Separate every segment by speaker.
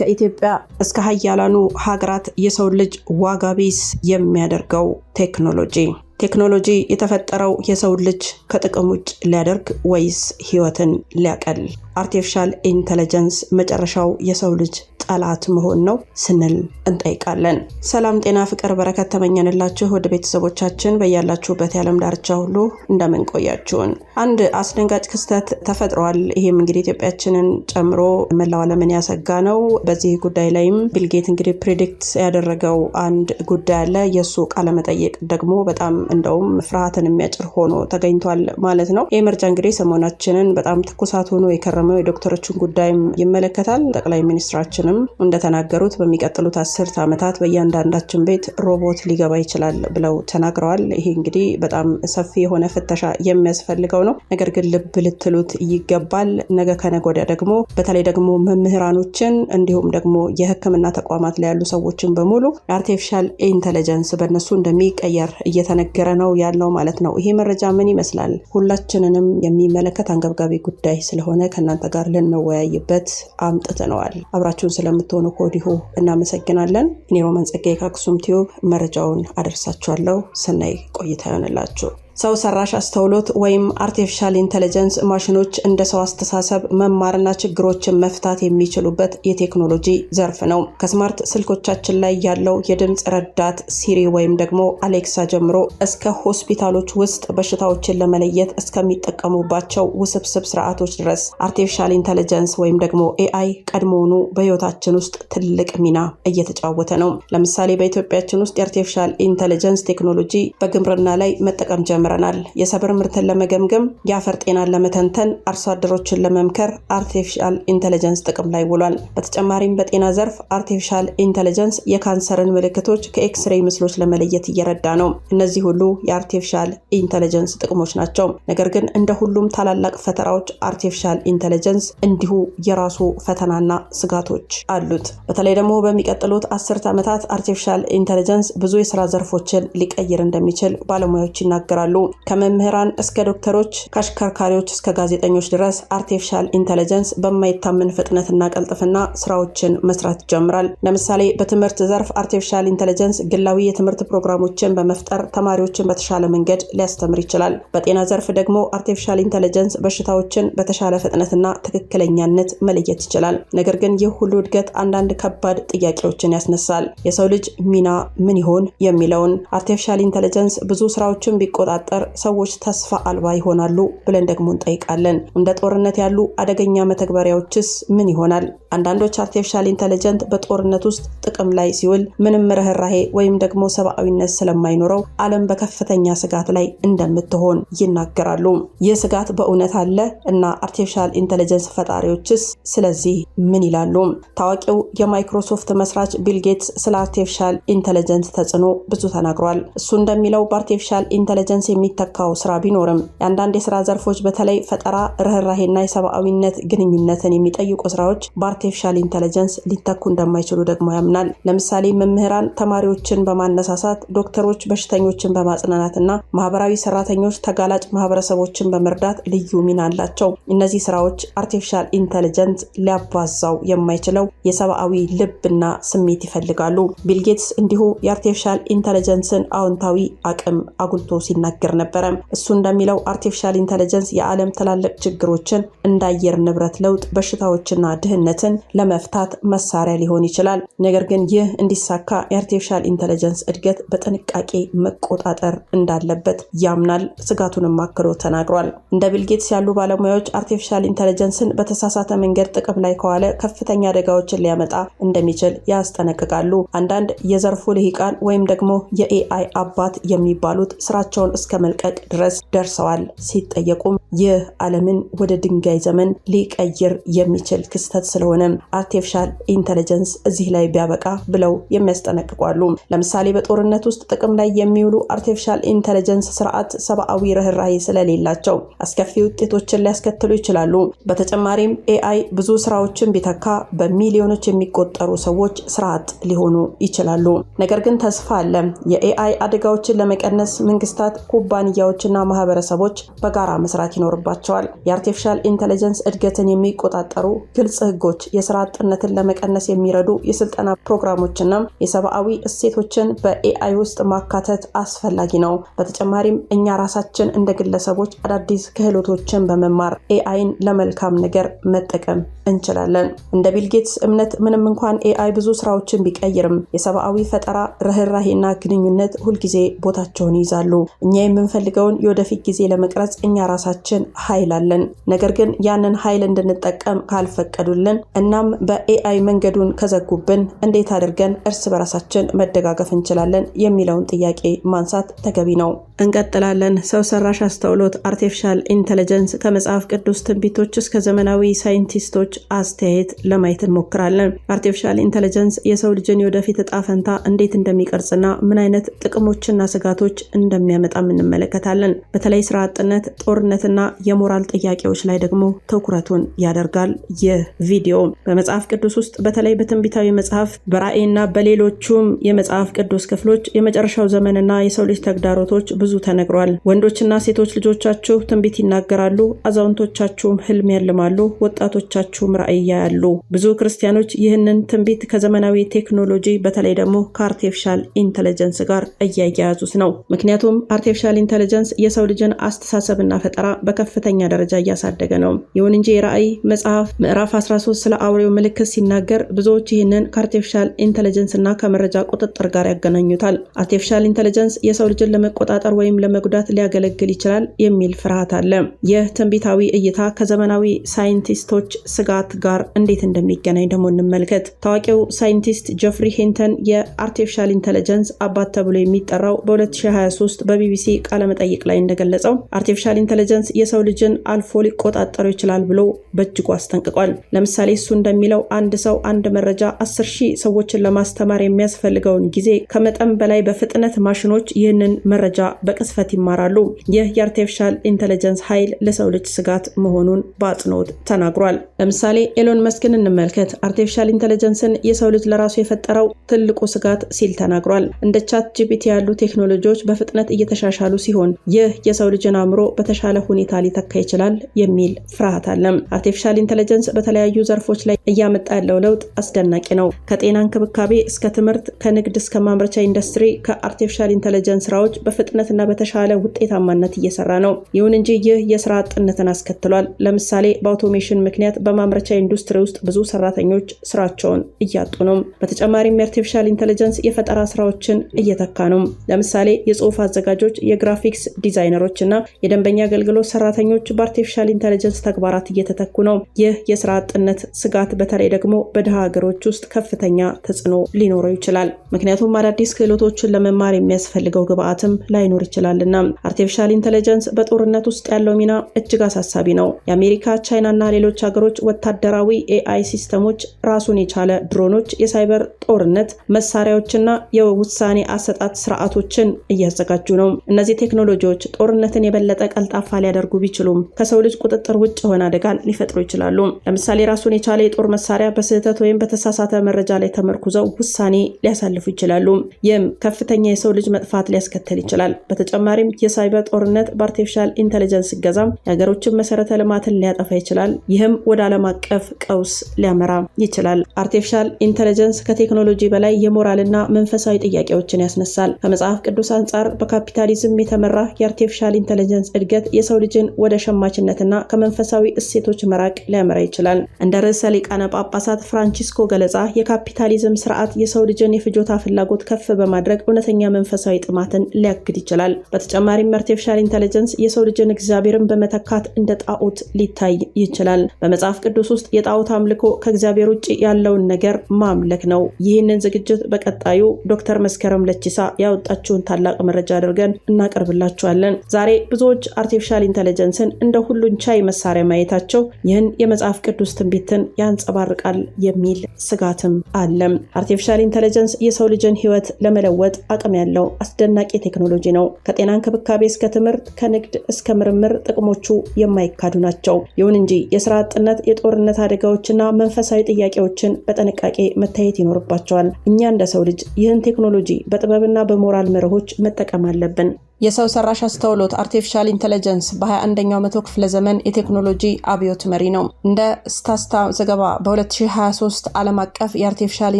Speaker 1: ከኢትዮጵያ እስከ ሀያላኑ ሀገራት የሰው ልጅ ዋጋ ቢስ የሚያደርገው ቴክኖሎጂ ቴክኖሎጂ የተፈጠረው የሰው ልጅ ከጥቅም ውጭ ሊያደርግ ወይስ ህይወትን ሊያቀል? አርቲፊሻል ኢንተለጀንስ መጨረሻው የሰው ልጅ ጠላት መሆን ነው ስንል እንጠይቃለን። ሰላም፣ ጤና፣ ፍቅር፣ በረከት ተመኘንላችሁ ወደ ቤተሰቦቻችን በያላችሁበት የዓለም ዳርቻ ሁሉ እንደምን ቆያችሁን። አንድ አስደንጋጭ ክስተት ተፈጥሯል። ይህም እንግዲህ ኢትዮጵያችንን ጨምሮ መላው ዓለምን ያሰጋ ነው። በዚህ ጉዳይ ላይም ቢልጌት እንግዲህ ፕሬዲክት ያደረገው አንድ ጉዳይ አለ። የእሱ ቃለመጠይቅ ደግሞ በጣም እንደውም ፍርሃትን የሚያጭር ሆኖ ተገኝቷል ማለት ነው። ይህ መርጃ እንግዲህ ሰሞናችንን በጣም ትኩሳት ሆኖ የከረመው የዶክተሮችን ጉዳይም ይመለከታል። ጠቅላይ ሚኒስትራችንም እንደተናገሩት በሚቀጥሉት አስርት ዓመታት በእያንዳንዳችን ቤት ሮቦት ሊገባ ይችላል ብለው ተናግረዋል። ይሄ እንግዲህ በጣም ሰፊ የሆነ ፍተሻ የሚያስፈልገው ነው። ነገር ግን ልብ ልትሉት ይገባል። ነገ ከነጎዳ ደግሞ በተለይ ደግሞ መምህራኖችን እንዲሁም ደግሞ የሕክምና ተቋማት ላይ ያሉ ሰዎችን በሙሉ አርቲፊሻል ኢንተለጀንስ በእነሱ እንደሚቀየር እየተነገረ ነው ያለው ማለት ነው። ይሄ መረጃ ምን ይመስላል? ሁላችንንም የሚመለከት አንገብጋቢ ጉዳይ ስለሆነ ከእናንተ ጋር ልንወያይበት አምጥተነዋል። አብራችሁን ስለ ስለምትሆኑ ከወዲሁ እናመሰግናለን። እኔ ሮማን ጸጋዬ ከአክሱም ቲዩብ መረጃውን አደርሳችኋለሁ። ሰናይ ቆይታ ይሆንላችሁ። ሰው ሰራሽ አስተውሎት ወይም አርቲፊሻል ኢንተለጀንስ ማሽኖች እንደ ሰው አስተሳሰብ መማርና ችግሮችን መፍታት የሚችሉበት የቴክኖሎጂ ዘርፍ ነው። ከስማርት ስልኮቻችን ላይ ያለው የድምፅ ረዳት ሲሪ ወይም ደግሞ አሌክሳ ጀምሮ እስከ ሆስፒታሎች ውስጥ በሽታዎችን ለመለየት እስከሚጠቀሙባቸው ውስብስብ ስርዓቶች ድረስ አርቲፊሻል ኢንተለጀንስ ወይም ደግሞ ኤአይ ቀድሞውኑ በህይወታችን ውስጥ ትልቅ ሚና እየተጫወተ ነው። ለምሳሌ በኢትዮጵያችን ውስጥ የአርቲፊሻል ኢንተለጀንስ ቴክኖሎጂ በግብርና ላይ መጠቀም ጀምሯል። ጀምረናል። የሰብር ምርትን ለመገምገም፣ የአፈር ጤናን ለመተንተን፣ አርሶ አደሮችን ለመምከር አርቲፊሻል ኢንተለጀንስ ጥቅም ላይ ውሏል። በተጨማሪም በጤና ዘርፍ አርቲፊሻል ኢንተለጀንስ የካንሰርን ምልክቶች ከኤክስሬይ ምስሎች ለመለየት እየረዳ ነው። እነዚህ ሁሉ የአርቲፊሻል ኢንተለጀንስ ጥቅሞች ናቸው። ነገር ግን እንደ ሁሉም ታላላቅ ፈተናዎች አርቲፊሻል ኢንተለጀንስ እንዲሁ የራሱ ፈተናና ስጋቶች አሉት። በተለይ ደግሞ በሚቀጥሉት አስርት ዓመታት አርቲፊሻል ኢንተለጀንስ ብዙ የስራ ዘርፎችን ሊቀይር እንደሚችል ባለሙያዎች ይናገራሉ። ይገኛሉ። ከመምህራን እስከ ዶክተሮች፣ ከአሽከርካሪዎች እስከ ጋዜጠኞች ድረስ አርቲፊሻል ኢንተለጀንስ በማይታመን ፍጥነትና ቀልጥፍና ስራዎችን መስራት ይጀምራል። ለምሳሌ በትምህርት ዘርፍ አርቲፊሻል ኢንተለጀንስ ግላዊ የትምህርት ፕሮግራሞችን በመፍጠር ተማሪዎችን በተሻለ መንገድ ሊያስተምር ይችላል። በጤና ዘርፍ ደግሞ አርቲፊሻል ኢንተለጀንስ በሽታዎችን በተሻለ ፍጥነትና ትክክለኛነት መለየት ይችላል። ነገር ግን ይህ ሁሉ እድገት አንዳንድ ከባድ ጥያቄዎችን ያስነሳል። የሰው ልጅ ሚና ምን ይሆን የሚለውን አርቲፊሻል ኢንተለጀንስ ብዙ ስራዎችን ቢቆጣ ሲቆጣጠር ሰዎች ተስፋ አልባ ይሆናሉ ብለን ደግሞ እንጠይቃለን። እንደ ጦርነት ያሉ አደገኛ መተግበሪያዎችስ ምን ይሆናል? አንዳንዶች አርቲፊሻል ኢንተለጀንት በጦርነት ውስጥ ጥቅም ላይ ሲውል ምንም ርኅራሄ ወይም ደግሞ ሰብአዊነት ስለማይኖረው ዓለም በከፍተኛ ስጋት ላይ እንደምትሆን ይናገራሉ። ይህ ስጋት በእውነት አለ እና አርቲፊሻል ኢንተለጀንስ ፈጣሪዎችስ ስለዚህ ምን ይላሉ? ታዋቂው የማይክሮሶፍት መስራች ቢል ጌትስ ስለ አርቲፊሻል ኢንተለጀንስ ተጽዕኖ ብዙ ተናግሯል። እሱ እንደሚለው በአርቲፊሻል ኢንተለጀንስ የሚተካው ስራ ቢኖርም የአንዳንድ የስራ ዘርፎች በተለይ ፈጠራ፣ ርኅራሄና የሰብአዊነት ግንኙነትን የሚጠይቁ ስራዎች በአርቲፊሻል ኢንተለጀንስ ሊተኩ እንደማይችሉ ደግሞ ያምናል። ለምሳሌ መምህራን ተማሪዎችን በማነሳሳት ዶክተሮች በሽተኞችን በማጽናናትና ማህበራዊ ሰራተኞች ተጋላጭ ማህበረሰቦችን በመርዳት ልዩ ሚና አላቸው። እነዚህ ስራዎች አርቲፊሻል ኢንተለጀንስ ሊያባዛው የማይችለው የሰብአዊ ልብና ስሜት ይፈልጋሉ። ቢልጌትስ እንዲሁ የአርቲፊሻል ኢንተለጀንስን አዎንታዊ አቅም አጉልቶ ሲናገ ሲናገር ነበረ። እሱ እንደሚለው አርቲፊሻል ኢንተለጀንስ የዓለም ትላልቅ ችግሮችን እንደ አየር ንብረት ለውጥ፣ በሽታዎችና ድህነትን ለመፍታት መሳሪያ ሊሆን ይችላል። ነገር ግን ይህ እንዲሳካ የአርቲፊሻል ኢንተለጀንስ እድገት በጥንቃቄ መቆጣጠር እንዳለበት ያምናል። ስጋቱንም አክሎ ተናግሯል። እንደ ቢልጌትስ ያሉ ባለሙያዎች አርቲፊሻል ኢንተለጀንስን በተሳሳተ መንገድ ጥቅም ላይ ከዋለ ከፍተኛ አደጋዎችን ሊያመጣ እንደሚችል ያስጠነቅቃሉ። አንዳንድ የዘርፉ ልሂቃን ወይም ደግሞ የኤአይ አባት የሚባሉት ስራቸውን እስከ መልቀቅ ድረስ ደርሰዋል። ሲጠየቁም ይህ ዓለምን ወደ ድንጋይ ዘመን ሊቀይር የሚችል ክስተት ስለሆነ አርቲፊሻል ኢንተለጀንስ እዚህ ላይ ቢያበቃ ብለው የሚያስጠነቅቋሉ። ለምሳሌ በጦርነት ውስጥ ጥቅም ላይ የሚውሉ አርቲፊሻል ኢንተለጀንስ ስርዓት ሰብአዊ ርኅራሄ ስለሌላቸው አስከፊ ውጤቶችን ሊያስከትሉ ይችላሉ። በተጨማሪም ኤአይ ብዙ ስራዎችን ቢተካ በሚሊዮኖች የሚቆጠሩ ሰዎች ስራ አጥ ሊሆኑ ይችላሉ። ነገር ግን ተስፋ አለ። የኤአይ አደጋዎችን ለመቀነስ መንግስታት ኩባንያዎችና ማህበረሰቦች በጋራ መስራት ይኖርባቸዋል። የአርቲፊሻል ኢንተለጀንስ እድገትን የሚቆጣጠሩ ግልጽ ህጎች፣ የስራ አጥነትን ለመቀነስ የሚረዱ የስልጠና ፕሮግራሞችና የሰብአዊ እሴቶችን በኤአይ ውስጥ ማካተት አስፈላጊ ነው። በተጨማሪም እኛ ራሳችን እንደ ግለሰቦች አዳዲስ ክህሎቶችን በመማር ኤአይን ለመልካም ነገር መጠቀም እንችላለን። እንደ ቢልጌትስ እምነት ምንም እንኳን ኤአይ ብዙ ስራዎችን ቢቀይርም የሰብአዊ ፈጠራ፣ ርህራሄና ግንኙነት ሁልጊዜ ቦታቸውን ይይዛሉ። እኛ የምንፈልገውን የወደፊት ጊዜ ለመቅረጽ እኛ ራሳችን ኃይል አለን። ነገር ግን ያንን ኃይል እንድንጠቀም ካልፈቀዱልን፣ እናም በኤአይ መንገዱን ከዘጉብን እንዴት አድርገን እርስ በራሳችን መደጋገፍ እንችላለን የሚለውን ጥያቄ ማንሳት ተገቢ ነው። እንቀጥላለን። ሰው ሰራሽ አስተውሎት አርቲፊሻል ኢንተለጀንስ ከመጽሐፍ ቅዱስ ትንቢቶች እስከ ዘመናዊ ሳይንቲስቶች አስተያየት ለማየት እንሞክራለን። አርቲፊሻል ኢንተለጀንስ የሰው ልጅን የወደፊት እጣ ፈንታ እንዴት እንደሚቀርጽና ምን አይነት ጥቅሞችና ስጋቶች እንደሚያመጣ እንመለከታለን። በተለይ ስራ አጥነት፣ ጦርነትና የሞራል ጥያቄዎች ላይ ደግሞ ትኩረቱን ያደርጋል። ይህ ቪዲዮ በመጽሐፍ ቅዱስ ውስጥ በተለይ በትንቢታዊ መጽሐፍ በራእይና በሌሎቹም የመጽሐፍ ቅዱስ ክፍሎች የመጨረሻው ዘመንና የሰው ልጅ ተግዳሮቶች ብዙ ተነግሯል። ወንዶችና ሴቶች ልጆቻችሁ ትንቢት ይናገራሉ፣ አዛውንቶቻችሁም ህልም ያልማሉ፣ ወጣቶቻችሁም ራእይ ያያሉ። ብዙ ክርስቲያኖች ይህንን ትንቢት ከዘመናዊ ቴክኖሎጂ በተለይ ደግሞ ከአርቴፊሻል ኢንተለጀንስ ጋር እያያያዙት ነው። ምክንያቱም አርቴፊሻል አርቲፊሻል ኢንተለጀንስ የሰው ልጅን አስተሳሰብና ፈጠራ በከፍተኛ ደረጃ እያሳደገ ነው። ይሁን እንጂ የራእይ መጽሐፍ ምዕራፍ 13 ስለ አውሬው ምልክት ሲናገር ብዙዎች ይህንን ከአርቲፊሻል ኢንተለጀንስ እና ከመረጃ ቁጥጥር ጋር ያገናኙታል። አርቲፊሻል ኢንተለጀንስ የሰው ልጅን ለመቆጣጠር ወይም ለመጉዳት ሊያገለግል ይችላል የሚል ፍርሃት አለ። ይህ ትንቢታዊ እይታ ከዘመናዊ ሳይንቲስቶች ስጋት ጋር እንዴት እንደሚገናኝ ደግሞ እንመልከት። ታዋቂው ሳይንቲስት ጀፍሪ ሂንተን የአርቲፊሻል ኢንተለጀንስ አባት ተብሎ የሚጠራው በ2023 በቢቢሲ ቢቢሲ ቃለመጠይቅ ላይ እንደገለጸው አርቲፊሻል ኢንቴሊጀንስ የሰው ልጅን አልፎ ሊቆጣጠሩ ይችላል ብሎ በእጅጉ አስጠንቅቋል። ለምሳሌ እሱ እንደሚለው አንድ ሰው አንድ መረጃ አስር ሺህ ሰዎችን ለማስተማር የሚያስፈልገውን ጊዜ ከመጠን በላይ በፍጥነት ማሽኖች ይህንን መረጃ በቅስፈት ይማራሉ። ይህ የአርቲፊሻል ኢንቴሊጀንስ ኃይል ለሰው ልጅ ስጋት መሆኑን በአጽንኦት ተናግሯል። ለምሳሌ ኤሎን መስክን እንመልከት። አርቲፊሻል ኢንቴሊጀንስን የሰው ልጅ ለራሱ የፈጠረው ትልቁ ስጋት ሲል ተናግሯል። እንደ ቻት ጂፒቲ ያሉ ቴክኖሎጂዎች በፍጥነት እየተሻሻ የተሻሻሉ ሲሆን ይህ የሰው ልጅን አእምሮ በተሻለ ሁኔታ ሊተካ ይችላል የሚል ፍርሃት አለም። አርቲፊሻል ኢንተለጀንስ በተለያዩ ዘርፎች ላይ እያመጣ ያለው ለውጥ አስደናቂ ነው። ከጤና እንክብካቤ እስከ ትምህርት፣ ከንግድ እስከ ማምረቻ ኢንዱስትሪ ከአርቲፊሻል ኢንተለጀንስ ስራዎች በፍጥነትና በተሻለ ውጤታማነት እየሰራ ነው። ይሁን እንጂ ይህ የስራ አጥነትን አስከትሏል። ለምሳሌ በአውቶሜሽን ምክንያት በማምረቻ ኢንዱስትሪ ውስጥ ብዙ ሰራተኞች ስራቸውን እያጡ ነው። በተጨማሪም የአርቲፊሻል ኢንተለጀንስ የፈጠራ ስራዎችን እየተካ ነው። ለምሳሌ የጽሁፍ አዘጋጆች የግራፊክስ ዲዛይነሮች እና የደንበኛ አገልግሎት ሰራተኞች በአርቲፊሻል ኢንተለጀንስ ተግባራት እየተተኩ ነው። ይህ የስራ አጥነት ስጋት በተለይ ደግሞ በድሃ ሀገሮች ውስጥ ከፍተኛ ተጽዕኖ ሊኖረው ይችላል። ምክንያቱም አዳዲስ ክህሎቶችን ለመማር የሚያስፈልገው ግብአትም ላይኖር ይችላልና። አርቲፊሻል ኢንተለጀንስ በጦርነት ውስጥ ያለው ሚና እጅግ አሳሳቢ ነው። የአሜሪካ ቻይና እና ሌሎች ሀገሮች ወታደራዊ ኤአይ ሲስተሞች፣ ራሱን የቻለ ድሮኖች፣ የሳይበር ጦርነት መሳሪያዎችና የውሳኔ አሰጣት ስርዓቶችን እያዘጋጁ ነው። እነዚህ ቴክኖሎጂዎች ጦርነትን የበለጠ ቀልጣፋ ሊያደርጉ ቢችሉም ከሰው ልጅ ቁጥጥር ውጭ የሆነ አደጋን ሊፈጥሩ ይችላሉ። ለምሳሌ ራሱን የቻለ የጦር መሳሪያ በስህተት ወይም በተሳሳተ መረጃ ላይ ተመርኩዘው ውሳኔ ሊያሳልፉ ይችላሉ። ይህም ከፍተኛ የሰው ልጅ መጥፋት ሊያስከትል ይችላል። በተጨማሪም የሳይበር ጦርነት በአርቲፊሻል ኢንቴሊጀንስ ይገዛም የሀገሮችን መሰረተ ልማትን ሊያጠፋ ይችላል። ይህም ወደ ዓለም አቀፍ ቀውስ ሊያመራ ይችላል። አርቲፊሻል ኢንቴሊጀንስ ከቴክኖሎጂ በላይ የሞራልና መንፈሳዊ ጥያቄዎችን ያስነሳል። ከመጽሐፍ ቅዱስ አንጻር በካፒታሊዝም በሳይንስም የተመራ የአርቲፊሻል ኢንተለጀንስ እድገት የሰው ልጅን ወደ ሸማችነትና ከመንፈሳዊ እሴቶች መራቅ ሊያመራ ይችላል። እንደ ርዕሰ ሊቃነ ጳጳሳት ፍራንቺስኮ ገለጻ የካፒታሊዝም ስርዓት የሰው ልጅን የፍጆታ ፍላጎት ከፍ በማድረግ እውነተኛ መንፈሳዊ ጥማትን ሊያግድ ይችላል። በተጨማሪም አርቲፊሻል ኢንተለጀንስ የሰው ልጅን እግዚአብሔርን በመተካት እንደ ጣዖት ሊታይ ይችላል። በመጽሐፍ ቅዱስ ውስጥ የጣዖት አምልኮ ከእግዚአብሔር ውጭ ያለውን ነገር ማምለክ ነው። ይህንን ዝግጅት በቀጣዩ ዶክተር መስከረም ለቺሳ ያወጣችውን ታላቅ መረጃ አድርገን እናቀርብላችኋለን። ዛሬ ብዙዎች አርቲፊሻል ኢንተለጀንስን እንደ ሁሉን ቻይ መሳሪያ ማየታቸው ይህን የመጽሐፍ ቅዱስ ትንቢትን ያንጸባርቃል የሚል ስጋትም አለም። አርቲፊሻል ኢንተለጀንስ የሰው ልጅን ህይወት ለመለወጥ አቅም ያለው አስደናቂ ቴክኖሎጂ ነው። ከጤና እንክብካቤ እስከ ትምህርት፣ ከንግድ እስከ ምርምር ጥቅሞቹ የማይካዱ ናቸው። ይሁን እንጂ የስራ አጥነት፣ የጦርነት አደጋዎችና መንፈሳዊ ጥያቄዎችን በጥንቃቄ መታየት ይኖርባቸዋል። እኛ እንደ ሰው ልጅ ይህን ቴክኖሎጂ በጥበብና በሞራል መርሆች መጠቀም አለብን። የሰው ሰራሽ አስተውሎት አርቲፊሻል ኢንቴሊጀንስ በ21ኛው መቶ ክፍለ ዘመን የቴክኖሎጂ አብዮት መሪ ነው። እንደ ስታስታ ዘገባ በ2023 ዓለም አቀፍ የአርቲፊሻል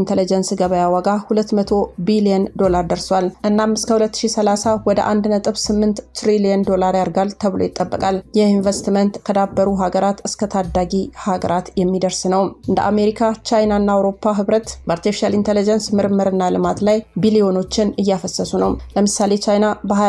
Speaker 1: ኢንቴሊጀንስ ገበያ ዋጋ 200 ቢሊዮን ዶላር ደርሷል። እናም እስከ 2030 ወደ 1.8 ትሪሊዮን ዶላር ያርጋል ተብሎ ይጠበቃል። ይህ ኢንቨስትመንት ከዳበሩ ሀገራት እስከ ታዳጊ ሀገራት የሚደርስ ነው። እንደ አሜሪካ፣ ቻይና እና አውሮፓ ህብረት በአርቲፊሻል ኢንቴሊጀንስ ምርምርና ልማት ላይ ቢሊዮኖችን እያፈሰሱ ነው። ለምሳሌ ቻይና በ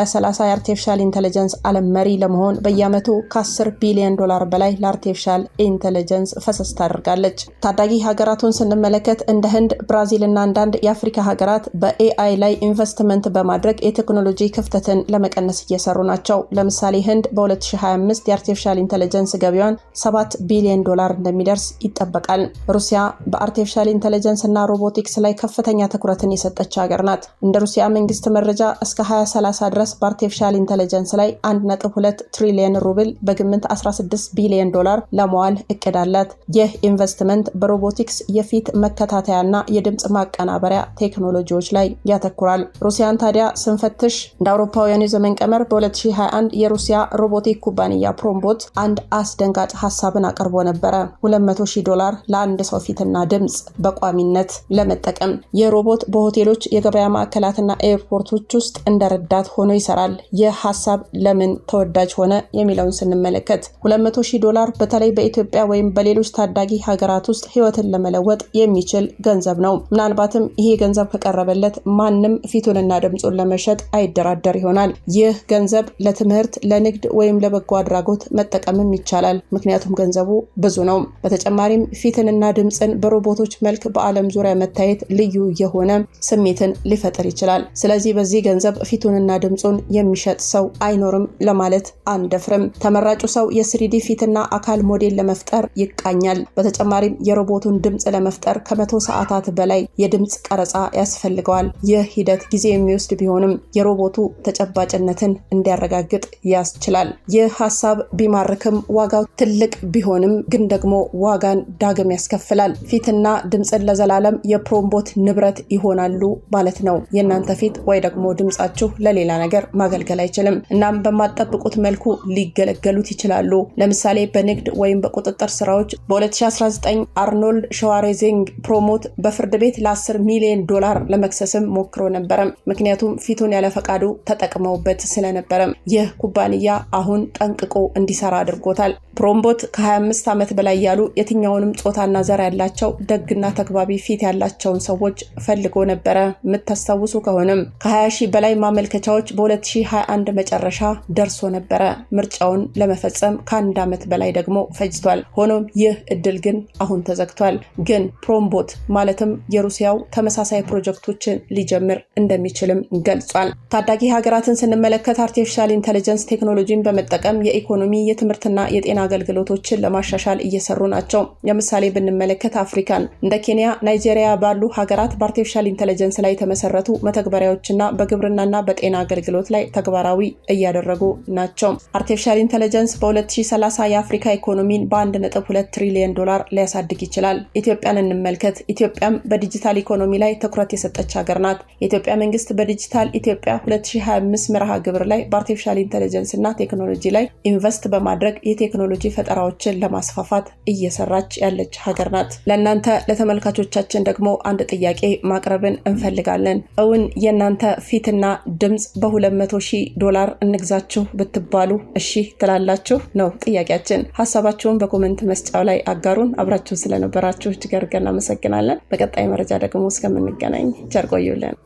Speaker 1: የአርቲፊሻል ኢንተለጀንስ ዓለም መሪ ለመሆን በየዓመቱ ከ10 ቢሊዮን ዶላር በላይ ለአርቲፊሻል ኢንተለጀንስ ፈሰስ ታደርጋለች። ታዳጊ ሀገራቱን ስንመለከት እንደ ህንድ፣ ብራዚል እና አንዳንድ የአፍሪካ ሀገራት በኤአይ ላይ ኢንቨስትመንት በማድረግ የቴክኖሎጂ ክፍተትን ለመቀነስ እየሰሩ ናቸው። ለምሳሌ ህንድ በ2025 የአርቲፊሻል ኢንተለጀንስ ገቢዋን 7 ቢሊዮን ዶላር እንደሚደርስ ይጠበቃል። ሩሲያ በአርቲፊሻል ኢንቴሊጀንስ እና ሮቦቲክስ ላይ ከፍተኛ ትኩረትን የሰጠች ሀገር ናት። እንደ ሩሲያ መንግስት መረጃ እስከ 2030 ድረስ በ በአርቲፊሻል ኢንተለጀንስ ላይ 1.2 ትሪሊየን ሩብል በግምት 16 ቢሊዮን ዶላር ለመዋል እቅድ አላት። ይህ ኢንቨስትመንት በሮቦቲክስ የፊት መከታተያና የድምፅ ማቀናበሪያ ቴክኖሎጂዎች ላይ ያተኩራል። ሩሲያን ታዲያ ስንፈትሽ እንደ አውሮፓውያኑ የዘመን ቀመር በ2021 የሩሲያ ሮቦቲክ ኩባንያ ፕሮምቦት አንድ አስደንጋጭ ሀሳብን አቅርቦ ነበረ። 200,000 ዶላር ለአንድ ሰው ፊትና ድምፅ በቋሚነት ለመጠቀም ይህ ሮቦት በሆቴሎች የገበያ ማዕከላትና ኤርፖርቶች ውስጥ እንደ ረዳት ሆኖ ይሰራል። ይሰራል? ይህ ሀሳብ ለምን ተወዳጅ ሆነ የሚለውን ስንመለከት 200 ሺህ ዶላር በተለይ በኢትዮጵያ ወይም በሌሎች ታዳጊ ሀገራት ውስጥ ህይወትን ለመለወጥ የሚችል ገንዘብ ነው። ምናልባትም ይህ ገንዘብ ከቀረበለት ማንም ፊቱንና ድምፁን ለመሸጥ አይደራደር ይሆናል። ይህ ገንዘብ ለትምህርት፣ ለንግድ ወይም ለበጎ አድራጎት መጠቀምም ይቻላል። ምክንያቱም ገንዘቡ ብዙ ነው። በተጨማሪም ፊትንና ድምፅን በሮቦቶች መልክ በዓለም ዙሪያ መታየት ልዩ የሆነ ስሜትን ሊፈጥር ይችላል። ስለዚህ በዚህ ገንዘብ ፊቱንና ድምፁን የሚሸጥ ሰው አይኖርም ለማለት አንደፍርም። ተመራጩ ሰው የስሪዲ ፊትና አካል ሞዴል ለመፍጠር ይቃኛል። በተጨማሪም የሮቦቱን ድምፅ ለመፍጠር ከመቶ ሰዓታት በላይ የድምፅ ቀረጻ ያስፈልገዋል። ይህ ሂደት ጊዜ የሚወስድ ቢሆንም የሮቦቱ ተጨባጭነትን እንዲያረጋግጥ ያስችላል። ይህ ሀሳብ ቢማርክም ዋጋው ትልቅ ቢሆንም ግን ደግሞ ዋጋን ዳግም ያስከፍላል። ፊትና ድምፅን ለዘላለም የፕሮምቦት ንብረት ይሆናሉ ማለት ነው። የእናንተ ፊት ወይ ደግሞ ድምፃችሁ ለሌላ ነገር ማገልገል አይችልም። እናም በማጠብቁት መልኩ ሊገለገሉት ይችላሉ። ለምሳሌ በንግድ ወይም በቁጥጥር ስራዎች በ2019 አርኖልድ ሸዋሬዚንግ ፕሮሞት በፍርድ ቤት ለ10 ሚሊዮን ዶላር ለመክሰስም ሞክሮ ነበረም። ምክንያቱም ፊቱን ያለ ፈቃዱ ተጠቅመውበት ስለነበረም ይህ ኩባንያ አሁን ጠንቅቆ እንዲሰራ አድርጎታል። ፕሮምቦት ከ25 ዓመት በላይ ያሉ የትኛውንም ጾታና ዘር ያላቸው ደግና ተግባቢ ፊት ያላቸውን ሰዎች ፈልጎ ነበረ። የምታስታውሱ ከሆነም ከ20 ሺህ በላይ ማመልከቻዎች በ 2021 መጨረሻ ደርሶ ነበረ። ምርጫውን ለመፈጸም ከአንድ ዓመት በላይ ደግሞ ፈጅቷል። ሆኖም ይህ እድል ግን አሁን ተዘግቷል። ግን ፕሮምቦት ማለትም የሩሲያው ተመሳሳይ ፕሮጀክቶችን ሊጀምር እንደሚችልም ገልጿል። ታዳጊ ሀገራትን ስንመለከት አርቲፊሻል ኢንተለጀንስ ቴክኖሎጂን በመጠቀም የኢኮኖሚ የትምህርትና የጤና አገልግሎቶችን ለማሻሻል እየሰሩ ናቸው። ለምሳሌ ብንመለከት አፍሪካን እንደ ኬንያ፣ ናይጄሪያ ባሉ ሀገራት በአርቲፊሻል ኢንተለጀንስ ላይ የተመሰረቱ መተግበሪያዎችና በግብርናና በጤና አገልግሎት ላይ ተግባራዊ እያደረጉ ናቸው። አርቲፊሻል ኢንቴሊጀንስ በ2030 የአፍሪካ ኢኮኖሚን በ1.2 ትሪሊዮን ዶላር ሊያሳድግ ይችላል። ኢትዮጵያን እንመልከት። ኢትዮጵያም በዲጂታል ኢኮኖሚ ላይ ትኩረት የሰጠች ሀገር ናት። የኢትዮጵያ መንግስት በዲጂታል ኢትዮጵያ 2025 መርሃ ግብር ላይ በአርቲፊሻል ኢንቴሊጀንስ እና ቴክኖሎጂ ላይ ኢንቨስት በማድረግ የቴክኖሎጂ ፈጠራዎችን ለማስፋፋት እየሰራች ያለች ሀገር ናት። ለእናንተ ለተመልካቾቻችን ደግሞ አንድ ጥያቄ ማቅረብን እንፈልጋለን። እውን የእናንተ ፊትና ድምፅ በሁለት መቶ ሺህ ዶላር እንግዛችሁ ብትባሉ እሺ ትላላችሁ ነው ጥያቄያችን። ሀሳባችሁን በኮመንት መስጫው ላይ አጋሩን። አብራችሁን ስለነበራችሁ እጅግ አድርገን እናመሰግናለን። በቀጣይ መረጃ ደግሞ እስከምንገናኝ ቸር ቆዩልን።